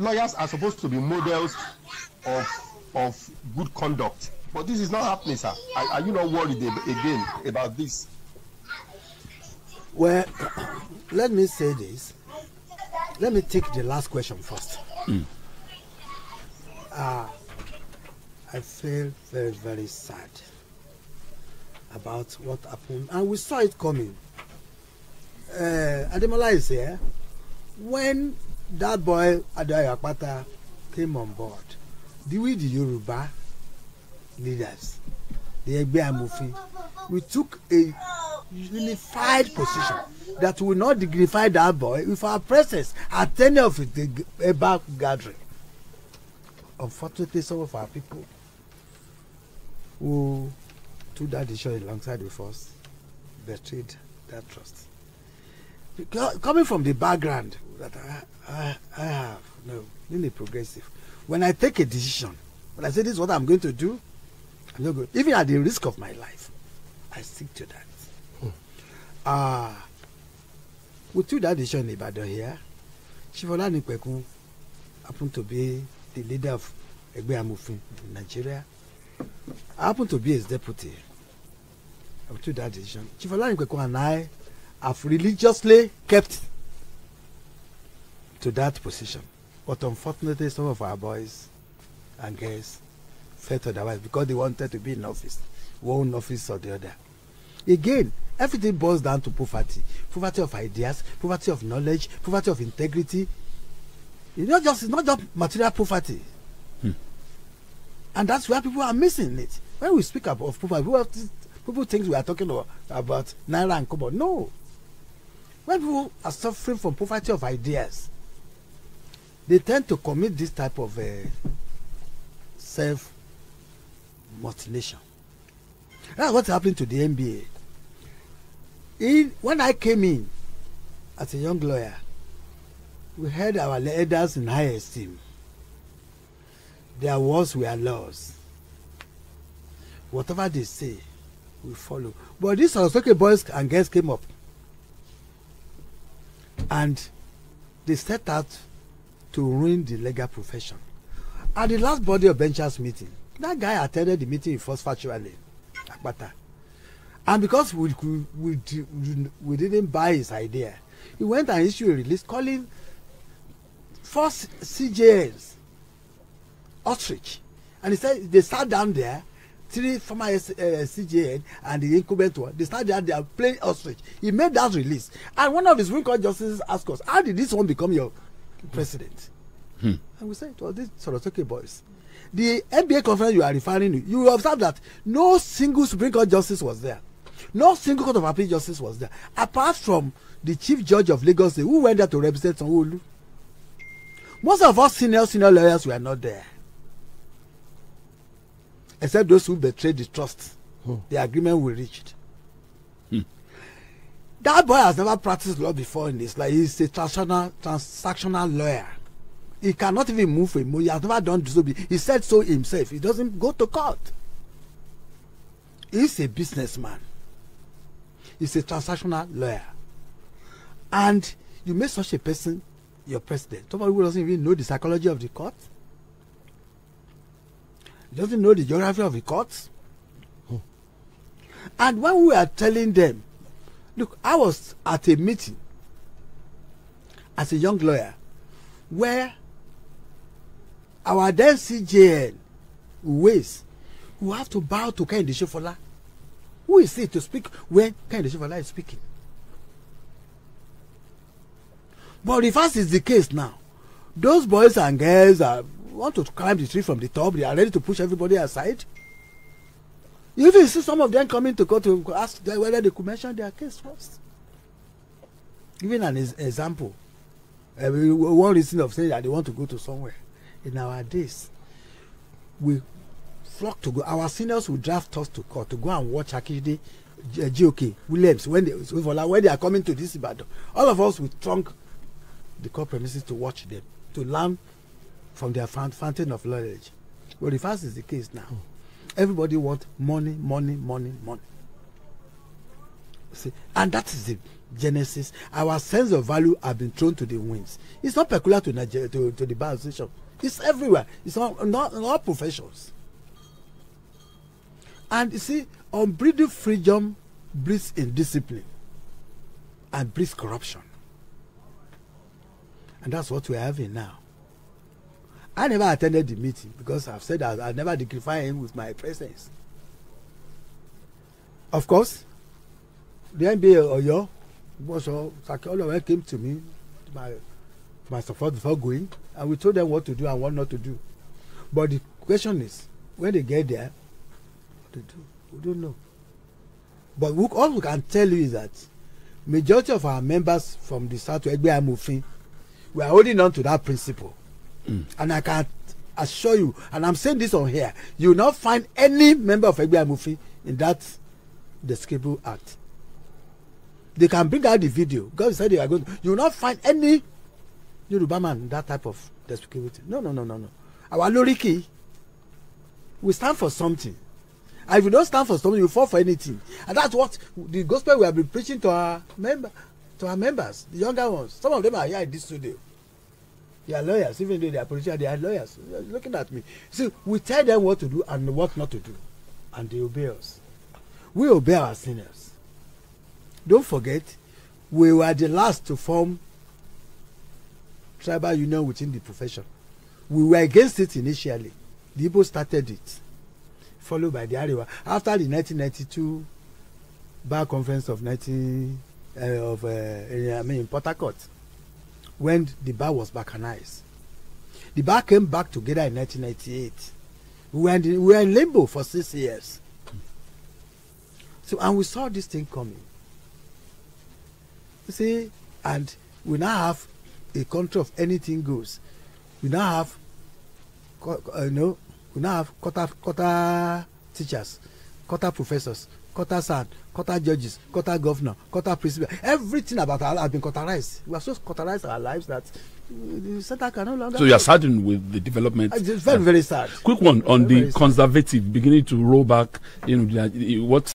lawyers are supposed to be models of of good conduct but this is not happening sir are, are you not worried again about this. well let me say this let me take the last question first. Mm. Uh, I feel very very sad about what happened and we saw it coming. Uh, eh, Ademola is here. When that boy Adayo Akpata came on board the way the Yoruba leaders the Ẹgbẹ́ Amòfin we took a unified position that we not dignify that boy with our presence at any of the Eba gathering unfortunately some of our people who took that decision alongside with us betrayed that trust coming from the background that I, I, I have, no, really progressive. When I take a decision, when I say this is what I'm going to do, I'm not going, even at the risk of my life, I stick to that. Hmm. Uh, we took that decision in Ibadan here. Shivola Nipekun happened to be the leader of Egbe Amufin in Nigeria. I happened to be his deputy. We took that decision. Shivola Nipekun and I have religiously kept to that position. But unfortunately, some of our boys and girls felt otherwise because they wanted to be in office, one office or the other. Again, everything boils down to poverty poverty of ideas, poverty of knowledge, poverty of integrity. It's not just, it's not just material poverty. Hmm. And that's where people are missing it. When we speak about poverty, people, people think we are talking about, about Naira and Kobo. No. When people are suffering from poverty of ideas, they tend to commit this type of uh, eh, self mutilation. That's what's happening to the NBA. In, when I came in as a young lawyer, we held our elders in high esteem. Their words were laws. Whatever they say, we follow. But these Sorosoke boys and girls came up. And they set out to ruin the legal profession. At the last body of benchers meeting, that guy attended the meeting in first factually, Akpata. And because we, we, we didn't buy his idea, he went and issued a release calling first CJ's ostrich. And he said they sat down there three former uh, eh, CJN and the incumbent one, they started that they are playing ostrich. He made that release. And one of his Supreme Court justices asked us, How did this one become your president? Hmm. And we said, Well, these Sorotoke boys. The NBA conference you are referring to, you observe that no single Supreme Court justice was there. No single court of appeal justice was there, apart from the chief judge of Lagos State, who went there to represent sanwo Most of us senior senior lawyers were not there except those who betray the trust oh. the agreement we reached. Hmm. That boy has never practiced law before in his life. He's a transactional, transactional lawyer. He cannot even move a move. He has never done this. He said so himself. He doesn't go to court. He's a businessman. He's a transactional lawyer. And you make such a person your president. Somebody who doesn't even know the psychology of the court doesn't know the geography of the courts. And when we are telling them, look, I was at a meeting as a young lawyer where our then CJN ways who have to bow to Kehinde Shofola. Who is he to speak when Kehinde Shofola is speaking? But if as is the case now, those boys and girls are want to climb the tree from the top. They are ready to push everybody aside. You even see some of them coming to court to ask whether they could mention their case first. Even an example, uh, one reason of saying that they want to go to somewhere in our days, we flock to go. Our seniors will draft us to court to go and watch Akinde, GOK, eh, Williams, when they, when they are coming to this Ibadan. All of us will trunk the court premises to watch them, to learn from their fountain of knowledge. well, if that is is the case now, everybody wants money, money, money, money. See, and that is the genesis. Our sense of value have been thrown to the winds. It's not peculiar to Nigeria, to, to the bar association. It's everywhere. It's all not in all professions. And you see, unbridled freedom breeds indiscipline and breeds corruption. And that's what we're having now. I never attended the meeting because I've said that I never dignify him with my presence. Of course, the NBA Oyo was all all of came to me to my to my support before going, and we told them what to do and what not to do. But the question is, when they get there, what to do? We don't know. But we, all we can tell you is that majority of our members from the South Egbe Amofin, we are holding on to that principle And I can assure you, and I'm saying this on here, you will not find any member of Egbe Amufin in that despicable act. They can bring out the video. God said they are going. To, you will not find any Yoruba man that type of despicable thing. No, no, no, no, no. Our Loriki, we stand for something. And if you don't stand for something, you fall for anything. And that's what the gospel we have been preaching to our members, to our members, the younger ones. Some of them are here in this studio. They are lawyers, even though they are politicians, they are lawyers. looking at me. See, we tell them what to do and what not to do, and they obey us. We obey our seniors. Don't forget, we were the last to form tribal union within the profession. We were against it initially. The Igbo started it, followed by the Arewa. After the 1992 Bar Conference of 19 uh, of uh, I mean Port Harcourt. when the bar was balkanized. The bar came back together in 1998. We were in, limbo for six years. So, and we saw this thing coming. You see, and we now have a country of anything goes. We now have, uh, you know, we now have quarter, quarter teachers, quarter professors, quarter sand quarter judges quarter governor quarter principal everything about our life has been quarterized we have so quarterized our lives that mm, the center can no longer. so you are saddened with the development. it's very very sad. quick one on very, the very conservative sad. beginning to roll back you know what.